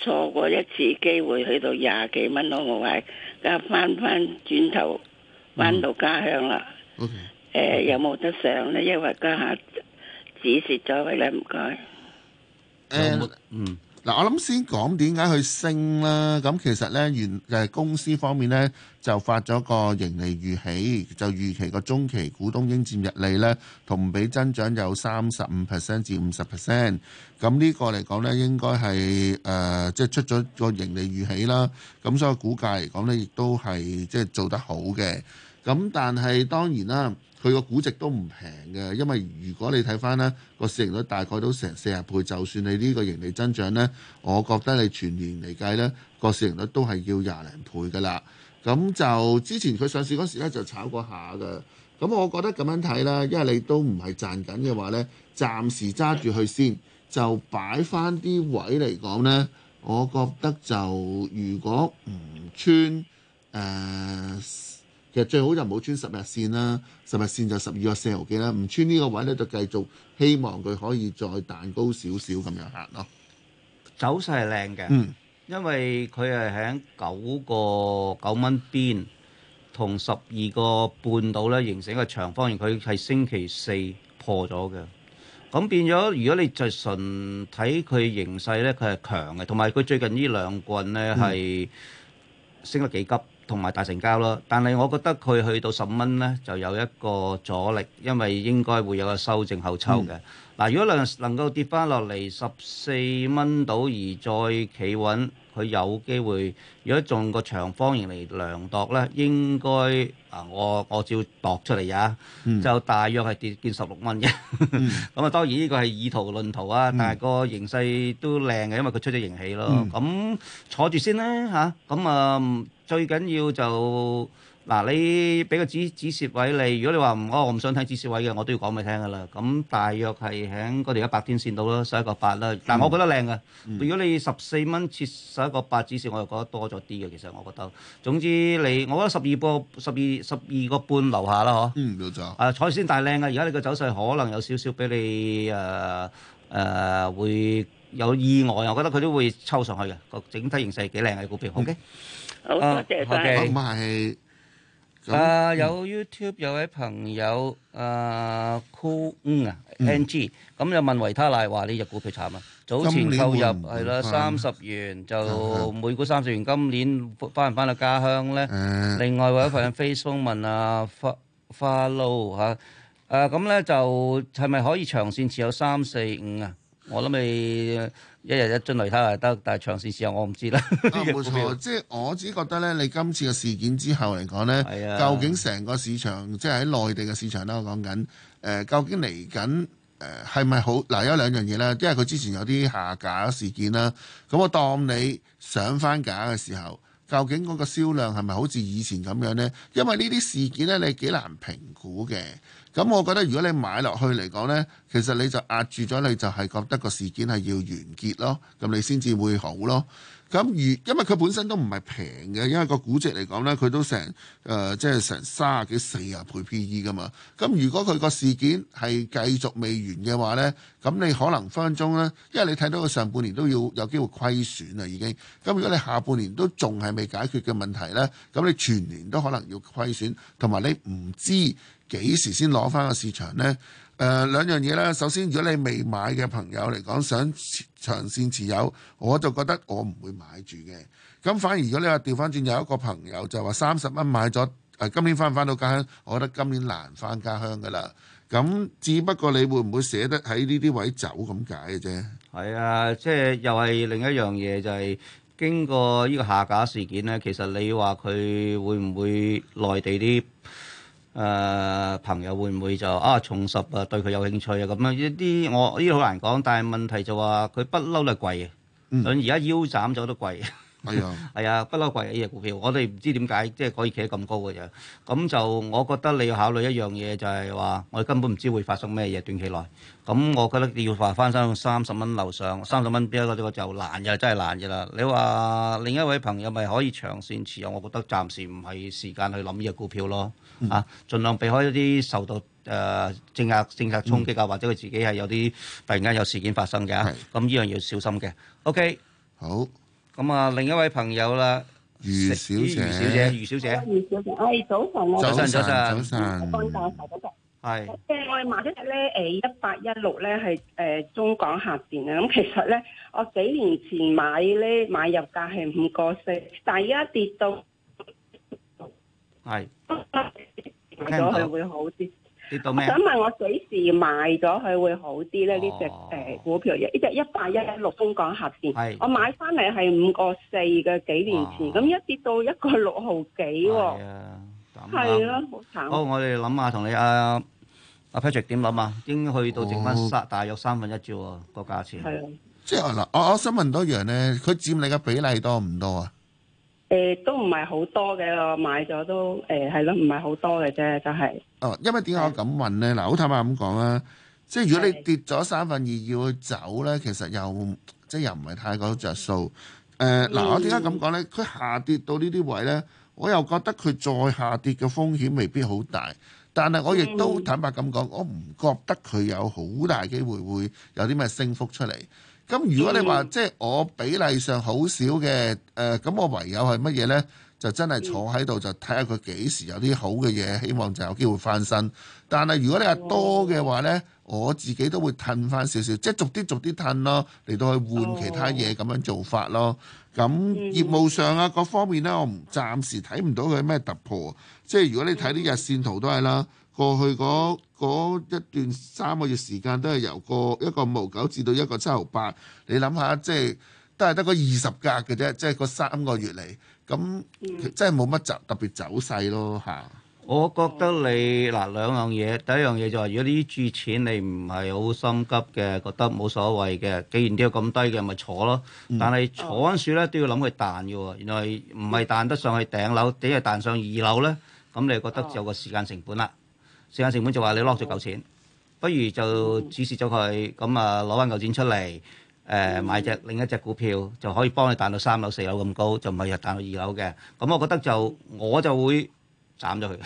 錯、呃、過一次機會，去到廿幾蚊囉，我話，家翻翻轉頭，翻到家鄉啦，誒，有冇得上咧？因為家下隻蝕咗啦，唔該，嗯。嗯嗱，我諗先講點解佢升啦。咁其實咧，原誒公司方面咧就發咗個盈利預喜，就預期個中期股東應占溢利咧同比增長有三十五 percent 至五十 percent。咁呢個嚟講咧，應該係誒即係出咗個盈利預喜啦。咁所以股價嚟講咧，亦都係即係做得好嘅。咁但係當然啦。佢個估值都唔平嘅，因為如果你睇翻呢個市盈率大概都成四十倍，就算你呢個盈利增長呢，我覺得你全年嚟計呢個市盈率都係要廿零倍噶啦。咁就之前佢上市嗰時咧就炒過下㗎，咁我覺得咁樣睇啦，因為你都唔係賺緊嘅話呢，暫時揸住佢先，就擺翻啲位嚟講呢。我覺得就如果唔穿誒。呃其實最好就唔好穿十日線啦，十日線就十二個四毫幾啦，唔穿呢個位咧就繼續希望佢可以再彈高少少咁樣行咯。走勢係靚嘅，嗯、因為佢係喺九個九蚊邊同十二個半度咧形成一個長方形，佢係星期四破咗嘅，咁變咗如果你就純睇佢形勢咧，佢係強嘅，同埋佢最近呢兩棍咧係、嗯、升得幾急。同埋大成交咯，但係我覺得佢去到十蚊咧就有一個阻力，因為應該會有個修正後抽嘅。嗱，嗯、如果能能夠跌翻落嚟十四蚊度而再企穩。佢有機會，如果仲個長方形嚟量度咧，應該啊，我我照度出嚟啊，嗯、就大約係跌跌十六蚊嘅。咁 啊、嗯，當然呢個係以圖論圖啊，但係個形勢都靚嘅，因為佢出咗形氣咯。咁、嗯、坐住先啦嚇，咁啊最緊要就是。嗱、啊，你俾個止止蝕位你，如果你話唔、哦，我唔想睇止蝕位嘅，我都要講俾你聽㗎喇。咁大約係喺嗰條一百天線度咯，十一個八啦。但係我覺得靚嘅。嗯、如果你十四蚊切十一個八止蝕，我又覺得多咗啲嘅。其實我覺得，總之你，我覺得十二個十二十二個半樓下啦，嗬、嗯。啊，彩線大靚嘅，而家你個走勢可能有少少俾你誒誒、呃呃、會有意外，我覺得佢都會抽上去嘅。個整體形勢幾靚嘅股票、嗯、，OK。好，多謝曬、uh, okay.。同埋。啊！嗯 uh, 有 YouTube 有位朋友啊，Cool NG 咁又、嗯、問維他奶話：呢隻股票慘啊！早前購入係咯三十元就每股三十元，今年翻唔翻到家鄉咧？嗯、另外一位喺 Facebook 問啊，花花路嚇，誒咁咧就係、是、咪可以長線持有三四五啊？5？我諗咪。一日一樽雷灘係得，但係長線市我唔知啦。冇、 啊、錯，即係我只覺得呢，你今次嘅事件之後嚟講呢，啊、究竟成個市場，即係喺內地嘅市場啦，我講緊誒，究竟嚟緊誒係咪好？嗱、呃，有兩樣嘢啦，即係佢之前有啲下架事件啦。咁我當你上返架嘅時候，究竟嗰個銷量係咪好似以前咁樣呢？因為呢啲事件呢，你幾難評估嘅。咁我覺得如果你買落去嚟講呢，其實你就壓住咗，你就係覺得個事件係要完結咯，咁你先至會好咯。咁如因為佢本身都唔係平嘅，因為個估值嚟講呢，佢都成誒即係成三十幾四十倍 PE 㗎嘛。咁如果佢個事件係繼續未完嘅話呢，咁你可能分分鐘呢，因為你睇到佢上半年都要有機會虧損啦，已經。咁如果你下半年都仲係未解決嘅問題呢，咁你全年都可能要虧損，同埋你唔知。幾時先攞翻個市場呢？誒、呃、兩樣嘢啦。首先，如果你未買嘅朋友嚟講，想長線持有，我就覺得我唔會買住嘅。咁反而如果你話調翻轉有一個朋友就話三十蚊買咗，誒、呃、今年翻唔翻到家鄉？我覺得今年難翻家鄉噶啦。咁只不過你會唔會捨得喺呢啲位走咁解嘅啫？係啊，即係又係另一樣嘢，就係、是、經過呢個下架事件呢，其實你話佢會唔會內地啲？誒、呃、朋友會唔會就啊重拾啊對佢有興趣啊？咁啊一啲我依啲好難講，但係問題就話佢不嬲都係貴，佢而家腰斬咗都貴，係啊、嗯，不嬲、 哎、貴嘅依隻股票，我哋唔知點解即係可以企得咁高嘅啫。咁就我覺得你要考慮一樣嘢，就係話我哋根本唔知會發生咩嘢短期內。咁我覺得你要話翻身到三十蚊樓上，三十蚊邊一個就難嘅，真係難嘅啦。你話另一位朋友咪可以長線持有，我覺得暫時唔係時間去諗呢隻股票咯。啊，儘量避開一啲受到誒政策政策衝擊啊，嗯、或者佢自己係有啲突然間有事件發生嘅，咁呢是樣要小心嘅。OK，好。咁啊，另一位朋友啦，余小姐，余小姐，余小姐，哎，早晨早晨，早晨。我哋買我係買嗰隻咧，誒，一八一六咧係誒中廣核電啊。咁其實咧，我幾年前買咧買入價係五個四，但係而家跌到係。是 賣咗佢會好啲，跌到咩？我想問我幾時賣咗佢會好啲咧？呢隻誒股票嘢，呢隻一八一六中廣核電，我買翻嚟係五個四嘅，幾年前，咁一跌到一個六毫幾喎，係啊，係咯，好慘。好，我哋諗下同你啊阿 Patrick 點諗啊？已經去到剩翻三，大約三分一啫喎，個價錢。係啊，即係嗱，我我想問多一樣咧，佢佔你嘅比例多唔多啊？誒都唔係好多嘅咯，買咗都誒係咯，唔係好多嘅啫，就係。哦，因為點解我咁問咧？嗱，好坦白咁講啦，即係如果你跌咗三分二要去走咧，其實又即係又唔係太過著數。誒，嗱，我點解咁講咧？佢下跌到呢啲位咧，我又覺得佢再下跌嘅風險未必好大，但係我亦都坦白咁講，我唔覺得佢有好大機會會有啲咩升幅出嚟。咁如果你話、嗯、即係我比例上好少嘅，誒、呃、咁我唯有係乜嘢呢？就真係坐喺度就睇下佢幾時有啲好嘅嘢，希望就有機會翻身。但係如果你話多嘅話呢，哦、我自己都會褪翻少少，即係逐啲逐啲褪咯，嚟到去換其他嘢咁樣做法咯。咁業務上啊各方面呢，我唔暫時睇唔到佢咩突破。即係如果你睇啲日線圖都係啦。過去嗰一段三個月時間都係由個一個五毫九至到一個七毫八，你諗下，即係都係得個二十格嘅啫。即係嗰三個月嚟咁，即係冇乜特別走勢咯嚇。嗯、我覺得你嗱兩樣嘢，第一樣嘢就係、是、如果啲注錢你唔係好心急嘅，覺得冇所謂嘅，既然都有咁低嘅，咪坐咯。但係坐嗰陣時咧、嗯、都要諗佢彈嘅喎，原來唔係彈得上去頂樓，只係彈上二樓咧，咁你覺得就有個時間成本啦。時間成本就話你攞咗嚿錢，不如就止蝕咗佢，咁啊攞返嚿錢出嚟，誒買隻另一隻股票，就可以幫你彈到三樓四樓咁高，就唔係入彈到二樓嘅。咁我覺得就我就會斬咗佢。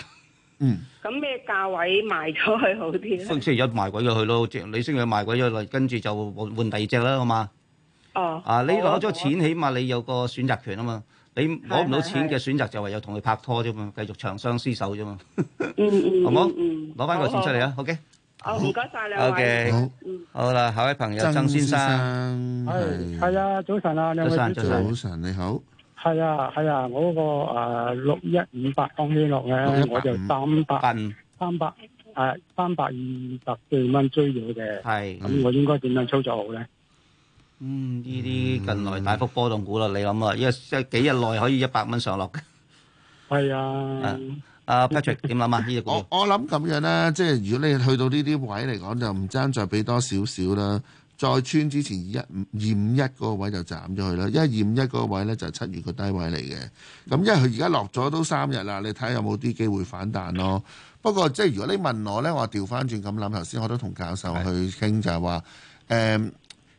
嗯。咁咩價位賣咗佢好啲咧？星期一賣鬼咗佢咯，即你星期一賣鬼咗佢，跟住就換換第二隻啦，好嘛？哦。啊，你攞咗錢，起碼你有個選擇權啊嘛。你攞唔到錢嘅選擇就唯有同佢拍拖啫嘛，繼續長相廝守啫嘛，嗯嗯，好唔好？嗯，攞翻個錢出嚟啊，OK。好唔該曬兩位，好。好啦，下位朋友曾先生，係係啊，早晨啊，兩位主持人，早晨，早晨你好。係啊係啊，我嗰個誒六一五八安希樂咧，我就三百三百誒三百二十四蚊追到嘅，係咁，我應該點樣操作好咧？嗯，呢啲近來大幅波動股啦，嗯、你諗啊，一即係幾日內可以一百蚊上落嘅。係啊，阿 Patrick 點諗啊？我我諗咁樣啦，即係如果你去到呢啲位嚟講，就唔爭再俾多少少啦。再穿之前二五二五一嗰個位就斬咗佢啦。因為二五一嗰個位咧就七月個低位嚟嘅。咁因為佢而家落咗都三日啦，你睇下有冇啲機會反彈咯？嗯、不過即係如果你問我咧，我調翻轉咁諗，頭先我都同教授去傾是就係話，誒、嗯。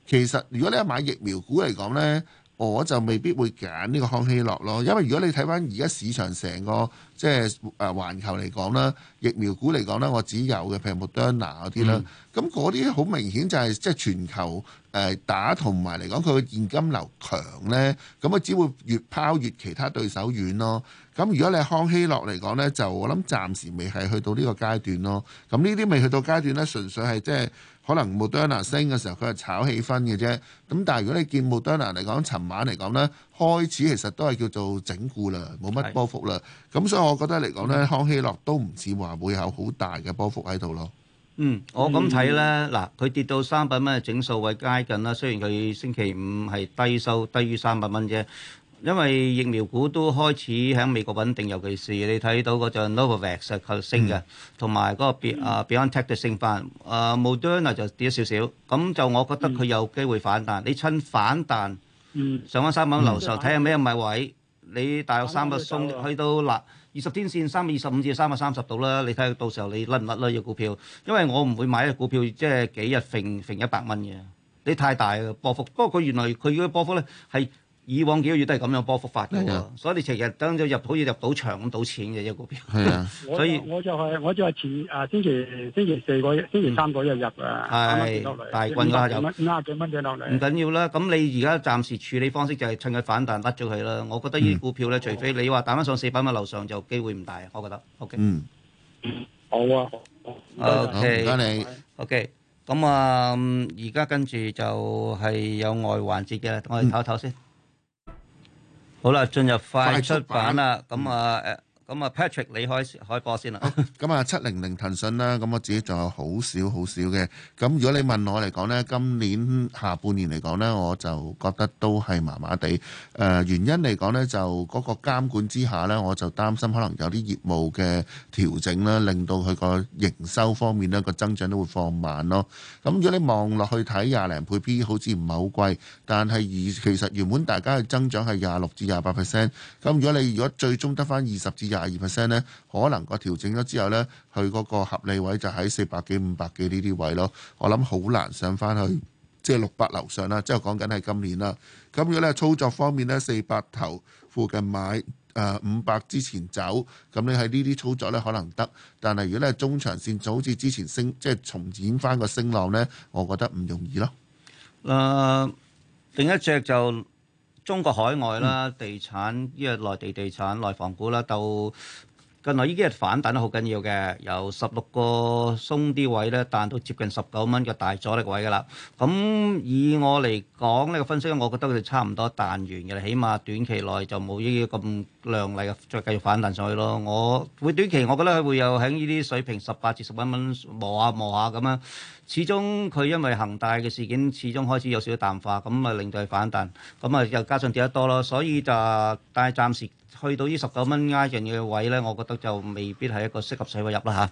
其實，如果你係買疫苗股嚟講呢，我就未必會揀呢個康希諾咯。因為如果你睇翻而家市場成個即係誒環球嚟講啦，疫苗股嚟講呢，我只有嘅譬如 Moderna 嗰啲啦。咁嗰啲好明顯就係、是、即係全球誒、呃、打同埋嚟講，佢嘅現金流強呢，咁啊只會越拋越其他對手遠咯。咁如果你係康希諾嚟講呢，就我諗暫時未係去到呢個階段咯。咁呢啲未去到階段呢，純粹係即係。可能莫德納升嘅時候，佢係炒氣氛嘅啫。咁但係如果你見莫德納嚟講，尋晚嚟講咧，開始其實都係叫做整固啦，冇乜波幅啦。咁是所以我覺得嚟講咧，嗯、康希諾都唔似話會有好大嘅波幅喺度咯。嗯，我咁睇咧，嗱、嗯，佢跌到三百蚊嘅整數位接近啦。雖然佢星期五係低收低於三百蚊啫。因為疫苗股都開始喺美國穩定，尤其是你睇到嗰隻 Novavax 係靠升嘅，同埋嗰個別啊 Beyond Tech 都升翻，啊 Moderna 就跌咗少少，咁就我覺得佢有機會反彈。你趁反彈上翻三蚊樓上，睇下咩位位，你大約三百鬆去到啦二十天線三百二十五至三百三十度啦。你睇下到時候你甩唔甩啦？隻股票，因為我唔會買依個股票，即係幾日揈揈一百蚊嘅，你太大嘅波幅。不過佢原來佢嘅波幅咧係。以往幾個月都係咁樣波幅發㗎，所以你成日等咗入，好似入賭場咁賭錢嘅一個股票。係啊，所以我就係我就係前啊，星期星期四個星期三個日入啊，翻得落嚟大軍嗰下就五廿幾蚊整落嚟，唔緊要啦。咁你而家暫時處理方式就係趁佢反彈甩咗佢啦。我覺得呢啲股票咧，除非你話彈得上四百蚊樓上，就機會唔大。我覺得 O K 嗯好啊。O K，得你 O K。咁啊，而家跟住就係有外環節嘅，我哋唞一唞先。好啦，進入快出版啦，咁啊咁啊，Patrick，你開開波先啦。咁啊，七零零騰訊啦，咁我自己仲有好少好少嘅。咁如果你問我嚟講呢，今年下半年嚟講呢，我就覺得都係麻麻地。誒，原因嚟講呢，就嗰個監管之下呢，我就擔心可能有啲業務嘅調整啦，令到佢個營收方面呢個增長都會放慢咯。咁如果你望落去睇廿零倍 P，好似唔係好貴，但係而其實原本大家嘅增長係廿六至廿八 percent。咁如果你如果最終得返二十至一，廿二 percent 咧，可能個調整咗之後咧，佢嗰個合理位就喺四百幾、五百幾呢啲位咯。我諗好難上翻去，即係六百樓上啦。即係講緊係今年啦。咁如果咧操作方面咧，四百頭附近買，誒五百之前走，咁你喺呢啲操作咧可能得。但係如果咧中長線就好似之前升，即係重演翻個升浪咧，我覺得唔容易咯。嗱、呃，另一隻就。中國海外啦，地產呢個內地地產內房股啦，到。近來已經係反彈得好緊要嘅，由十六個鬆啲位咧彈到接近十九蚊嘅大阻力位㗎啦。咁以我嚟講呢、呢個分析，我覺得佢哋差唔多彈完嘅起碼短期內就冇呢啲咁靚麗嘅，再繼續反彈上去咯。我會短期，我覺得佢會有喺呢啲水平十八至十一蚊磨下磨下咁樣。始終佢因為恒大嘅事件，始終開始有少少淡化，咁啊令到佢反彈，咁啊又加上跌得多咯，所以就但係暫時。去到呢十九蚊一樣嘅位咧，我覺得就未必係一個適合細位入啦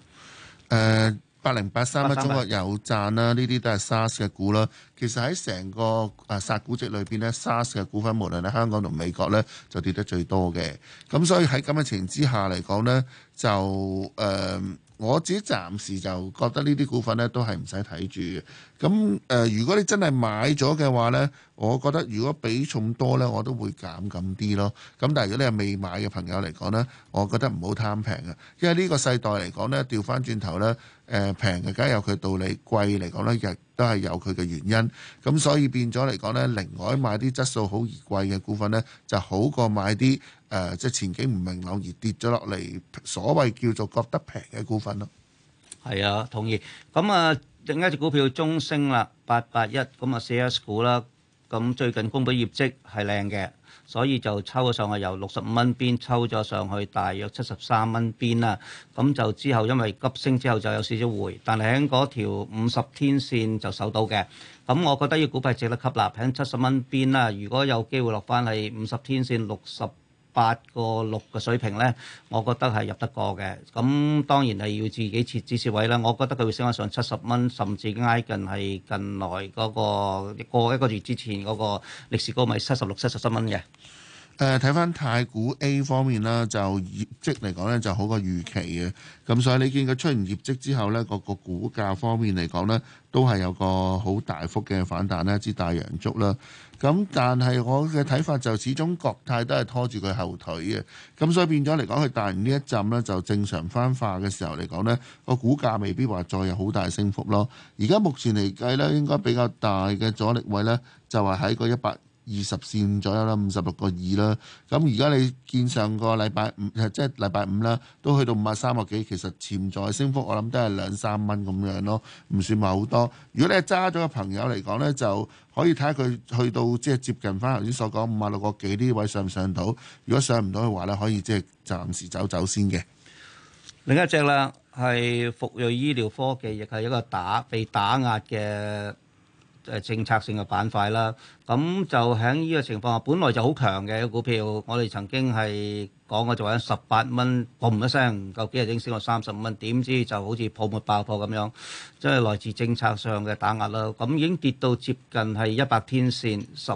嚇。誒，八零八三啊，uh, 31, 中國有站啦，呢啲都係 SARS 嘅股啦。其實喺成個誒、啊、殺股值裏邊咧，SARS 嘅股份無論喺香港同美國咧，就跌得最多嘅。咁所以喺咁嘅情之下嚟講咧，就誒。呃我自己暫時就覺得呢啲股份咧都係唔使睇住嘅。咁誒、呃，如果你真係買咗嘅話呢，我覺得如果比重多呢，我都會減咁啲咯。咁但係如果你係未買嘅朋友嚟講呢，我覺得唔好貪平嘅，因為呢個世代嚟講呢調翻轉頭呢，誒平嘅梗係有佢道理，貴嚟講呢亦都係有佢嘅原因。咁所以變咗嚟講呢另外買啲質素好而貴嘅股份呢，就好過買啲。誒、呃，即係前景唔明朗而跌咗落嚟，所謂叫做覺得平嘅股份咯，係啊，同意咁啊、嗯。另一隻股票中升啦，八八一咁啊，四 S 股啦。咁、嗯、最近公布業績係靚嘅，所以就抽咗上去由，由六十五蚊邊抽咗上去，大約七十三蚊邊啦。咁、嗯、就之後因為急升之後就有少少回，但係喺嗰條五十天線就守到嘅。咁、嗯、我覺得呢隻股票值得吸納喺七十蚊邊啦。如果有機會落翻喺五十天線六十。八個六嘅水平呢，我覺得係入得過嘅。咁當然係要自己設置設位啦。我覺得佢會升翻上七十蚊，甚至挨近係近來嗰、嗰個過一個月之前嗰個歷史高，咪七十六、七十七蚊嘅。誒睇翻太古 A 方面啦，就業績嚟講咧就好過預期嘅，咁所以你見佢出完業績之後咧，個、個股價方面嚟講咧，都係有個好大幅嘅反彈咧，一支大陽燭啦。咁但係我嘅睇法就始終國泰都係拖住佢後腿嘅，咁所以變咗嚟講，佢彈完呢一陣咧，就正常翻化嘅時候嚟講咧，個股價未必話再有好大升幅咯。而家目前嚟計咧，應該比較大嘅阻力位咧，就係喺個一百二十線左右啦，五十六個二啦。咁而家你見上個禮拜五，即係禮拜五啦，都去到五十三個幾。其實潛在升幅我諗都係兩三蚊咁樣咯，唔算話好多。如果你係揸咗嘅朋友嚟講呢，就可以睇下佢去到即係接近翻頭先所講五十六個幾呢位上唔上到？如果上唔到嘅話呢，可以即係暫時走走先嘅。另一隻啦，係復瑞醫療科技，亦係一個打被打壓嘅。誒政策性嘅板塊啦，咁就響呢個情況下，本來就好強嘅股票，我哋曾經係講過做緊十八蚊，嘣一聲，唔夠幾日已經升到三十五蚊，點知就好似泡沫爆破咁樣，即係來自政策上嘅打壓啦。咁已經跌到接近係一百天線十。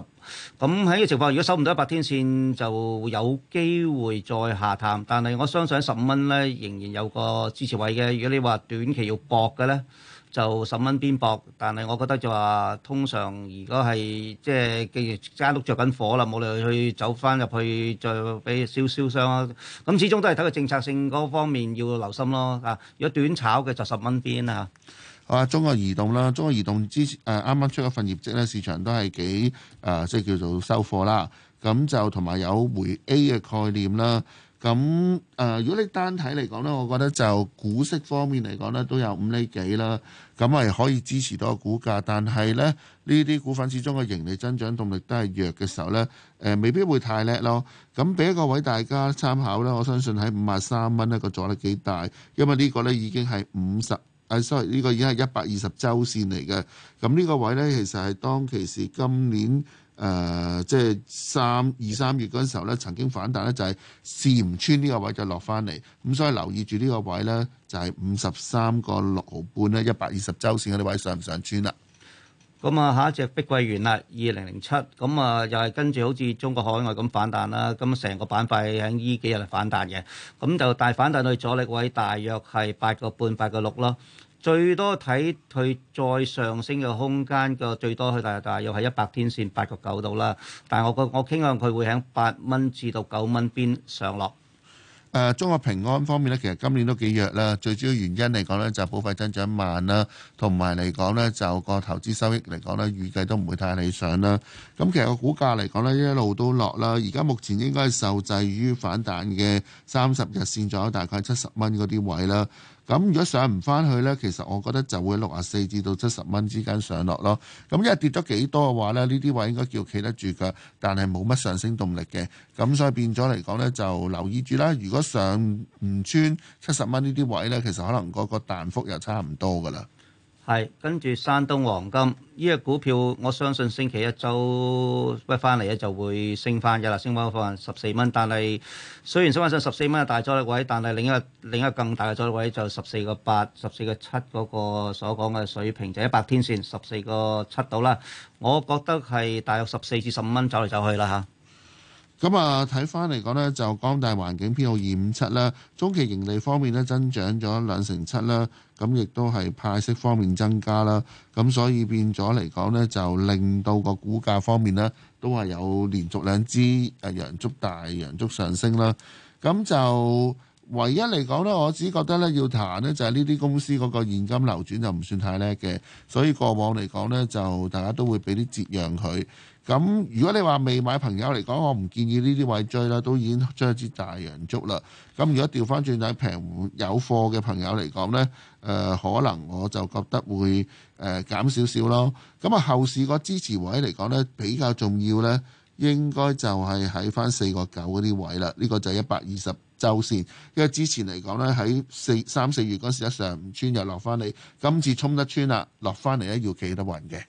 咁喺呢個情況下，如果守唔到一百天線，就有機會再下探。但係我相信十五蚊咧，仍然有個支持位嘅。如果你話短期要搏嘅咧，就十蚊邊搏。但係我覺得就話通常，如果係即係既然間屋着緊火啦，冇理由去走翻入去再俾燒燒傷啊。咁始終都係睇個政策性嗰方面要留心咯。啊，如果短炒嘅就十蚊邊啊。啊！中國移動啦，中國移動之前啱啱出一份業績咧，市場都係幾誒，即係叫做收貨啦。咁就同埋有回 A 嘅概念啦。咁誒、呃，如果你單睇嚟講咧，我覺得就股息方面嚟講咧，都有五厘幾啦。咁係可以支持到個股價，但係咧呢啲股份始終嘅盈利增長動力都係弱嘅時候咧，誒、呃、未必會太叻咯。咁俾一個位大家參考啦，我相信喺五十三蚊一個阻力幾大，因為呢個咧已經係五十。啊，sorry，呢個已經係一百二十週線嚟嘅，咁、這、呢個位呢，其實係當其時今年誒，即係三二三月嗰陣時候呢，曾經反彈呢、就是，就係試唔穿呢個位就落翻嚟，咁、嗯、所以留意住呢個位呢，就係五十三個六毫半咧，一百二十週線嗰啲位上唔上穿啦。咁啊，下一隻碧桂園啦，二零零七，咁啊又係跟住好似中國海外咁反彈啦，咁成個板塊喺呢、e、幾日反彈嘅，咁就大反彈去阻力位大約係八個半、八個六咯，最多睇佢再上升嘅空間個最多去到大約係一百天線八個九度啦，但係我個我傾向佢會喺八蚊至到九蚊邊上落。誒，中國平安方面咧，其實今年都幾弱啦。最主要原因嚟講咧，就保費增長慢啦，同埋嚟講咧，就個投資收益嚟講咧，預計都唔會太理想啦。咁其實個股價嚟講咧，一路都落啦。而家目前應該受制於反彈嘅三十日線左右，大概七十蚊嗰啲位啦。咁如果上唔翻去呢，其實我覺得就會六啊四至到七十蚊之間上落咯。咁因為跌咗幾多嘅話呢，呢啲位應該叫企得住㗎，但係冇乜上升動力嘅。咁所以變咗嚟講呢，就留意住啦。如果上唔穿七十蚊呢啲位呢，其實可能嗰個彈幅又差唔多噶啦。係，跟住山東黃金呢隻股票，我相信星期一週一翻嚟咧，就會升翻噶啦，升翻個貨十四蚊。但係雖然升翻上十四蚊嘅大阻力位，但係另一個另一個更大嘅阻力位就十四個八、十四個七嗰個所講嘅水平，就係一百天線十四個七度啦。我覺得係大約十四至十五蚊走嚟走去啦嚇。咁啊，睇翻嚟講呢，就光大環境編號二五七啦，中期盈利方面呢，增長咗兩成七啦，咁亦都係派息方面增加啦，咁所以變咗嚟講呢，就令到個股價方面呢，都係有連續兩支誒陽燭大陽燭上升啦。咁就唯一嚟講呢，我只覺得呢要彈呢，就係呢啲公司嗰個現金流轉就唔算太叻嘅，所以過往嚟講呢，就大家都會俾啲折讓佢。咁如果你話未買朋友嚟講，我唔建議呢啲位追啦，都已經將一支大陽燭啦。咁如果調翻轉睇平有貨嘅朋友嚟講呢，誒、呃、可能我就覺得會誒、呃、減少少咯。咁、嗯、啊後市個支持位嚟講呢，比較重要呢，應該就係喺翻四個九嗰啲位啦。呢、這個就係一百二十週線，因為之前嚟講呢，喺四三四月嗰時一上午穿又落翻嚟，今次衝得穿啦，落翻嚟咧要企得穩嘅。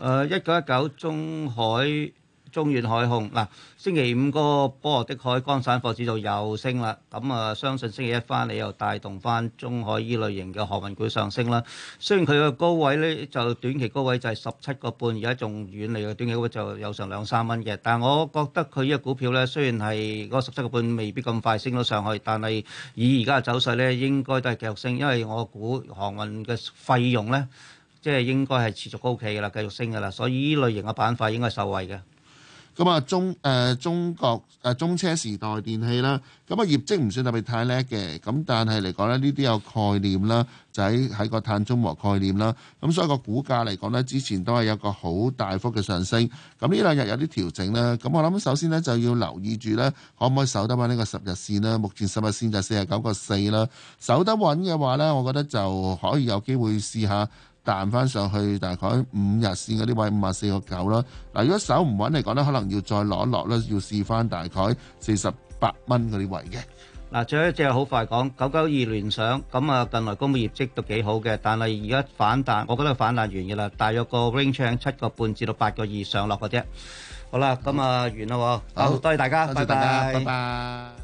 誒，一九一九中海中遠海控嗱、啊，星期五嗰個波羅的海乾散貨指數又升啦，咁啊相信星期一返嚟又帶動翻中海依類型嘅航運股上升啦。雖然佢嘅高位咧就短期高位就係十七個半，而家仲遠離嘅短期高位就有成兩三蚊嘅，但係我覺得佢呢個股票咧，雖然係個十七個半未必咁快升咗上去，但係以而家嘅走勢咧，應該都係繼續升，因為我估航運嘅費用咧。即係應該係持續高企嘅啦，繼續升嘅啦，所以呢類型嘅板塊應該受惠嘅。咁啊、呃，中誒中國誒、呃、中車時代電器啦，咁啊業績唔算特別太叻嘅，咁但係嚟講咧，呢啲有概念啦，就喺喺個碳中和概念啦。咁所以個股價嚟講呢，之前都係有個好大幅嘅上升。咁呢兩日有啲調整啦。咁我諗首先呢，就要留意住呢，可唔可以守得翻呢個十日線啦？目前十日線就四十九個四啦，守得穩嘅話呢，我覺得就可以有機會試下。彈翻上去大概五日線嗰啲位五十四個九啦。嗱，如果手唔穩嚟講咧，可能要再攞落咧，要試翻大概四十八蚊嗰啲位嘅。嗱，最後一隻好快講九九二聯想咁啊，近來公布業，業績都幾好嘅，但係而家反彈，我覺得反彈完嘅啦，大約個 range 七個半至到八個二上落嘅啫。好啦，咁啊，完啦喎。好，多謝大家，拜拜，拜拜。